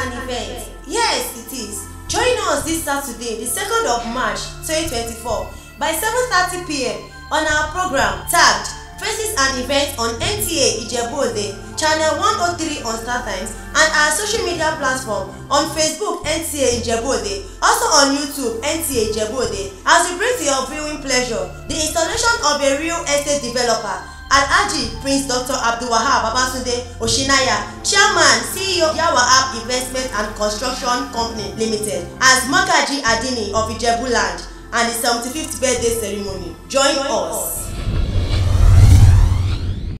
an event. Yes, it is. Join us this Saturday, the 2nd of March 2024 by 7.30 pm on our program tagged Faces and Events on NTA Ijebu-Ode, Channel 103 on StarTimes and our social media platform on Facebook NTA Ijebu-Ode, also on YouTube NTA Ijebu-Ode. As we bring to your viewing pleasure the installation of a real estate developer alhaji prince dr abdulwahab babatunde oshinaya chairman ceo yawa app investment and construction company limited as Makaji adini of Ijebu Land, and the 75th birthday ceremony join, join us. us.